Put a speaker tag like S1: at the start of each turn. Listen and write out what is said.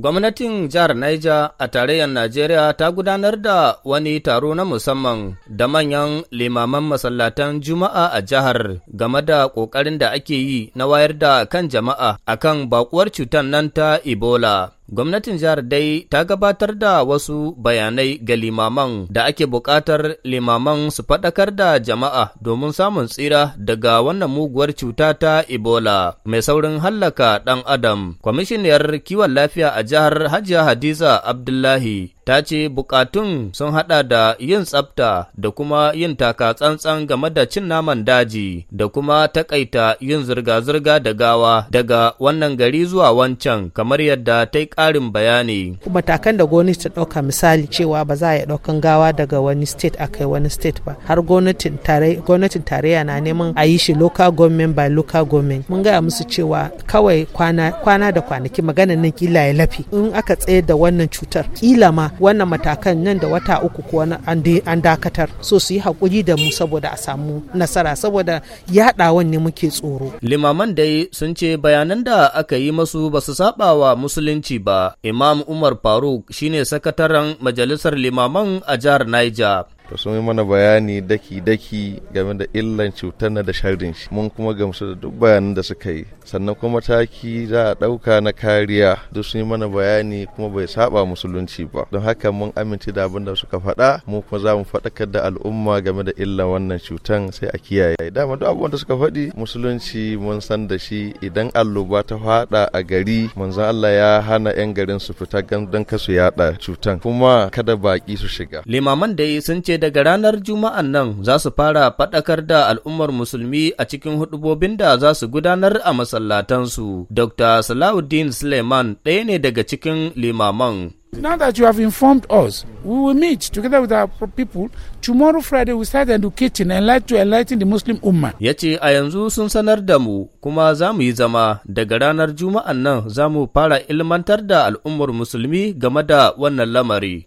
S1: Gwamnatin jihar Niger a tarayyar Najeriya ta gudanar da wani taro na musamman da manyan limaman masallatan Juma'a a jihar game da ƙoƙarin da ake yi na wayar da kan jama'a akan baƙuwar cutar nan ta Ebola. Gwamnatin jihar dai ta gabatar da wasu bayanai ga limaman da ake buƙatar limaman su faɗakar da jama'a domin samun tsira daga wannan muguwar cuta ta Ebola mai saurin hallaka ɗan Adam. Kwamishiniyar kiwon lafiya a jihar Hajiya Hadiza Abdullahi ta ce bukatun sun hada da yin tsafta da kuma yin taka tsantsan game da cin naman daji da kuma takaita yin zirga-zirga da gawa daga wannan gari zuwa wancan kamar yadda ta yi karin bayani.
S2: Matakan da gwamnati ta ɗauka misali cewa ba za a yi ɗaukan gawa daga wani state a kai wani state ba har gwamnatin tarayya na neman a yi shi local government by local government. Mun gaya musu cewa kawai kwana, da kwanaki magana nan kila ya lafi in aka tsayar da wannan cutar kila ma wannan matakan nan da wata uku ko an dakatar so su yi hakuri da mu saboda a samu nasara saboda yaɗawan ne muke tsoro.
S1: Limaman dai sun ce bayanan da aka yi masu ba su saba wa musulunci ba. Imam Umar Faruk shine sakataren majalisar limaman a jihar Niger.
S3: to sun yi mana bayani daki-daki game da illan cutar na da sharrin shi mun kuma gamsu da duk bayanan da suka yi sannan kuma mataki za a ɗauka na kariya duk sun yi mana bayani kuma bai saba musulunci ba don haka mun amince da abin da suka faɗa mu kuma za mu faɗakar da al'umma game da illan wannan cutan sai a kiyaye dama duk abubuwan da suka faɗi musulunci mun san da shi idan alluba ta faɗa a gari manzon Allah ya hana 'yan garin su fita don kasu yaɗa cutan kuma kada baƙi su shiga limaman dai sun
S1: ce daga ranar Juma'an nan za su fara faɗakar da al'ummar musulmi a cikin hudubobin da za su gudanar a masallatansu. Dr. Salahuddin Suleiman ɗaya ne daga cikin limaman. Now that you have informed us, we will meet together with our people. Tomorrow Friday we start educating and like to enlighten the Muslim Ummah. Ya ce a yanzu sun sanar da mu kuma za mu yi zama daga ranar Juma'an nan za mu fara ilmantar da al'ummar musulmi game da wannan lamari.